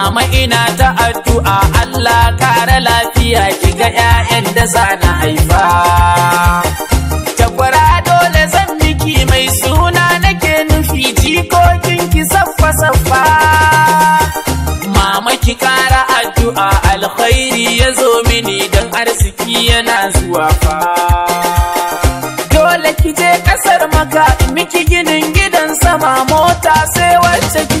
mama ina ta addu'a Allah kare lafiya ki ga ƴaƴan da za na haifa takwara dole zan miki mai suna nake nufi jikokin ki saffa saffa mama ki kara addu'a alkhairi ya zo mini dan arziki yana zuwa fa dole ki je ƙasar maka miki ginin gidan sama mota sai wacce ki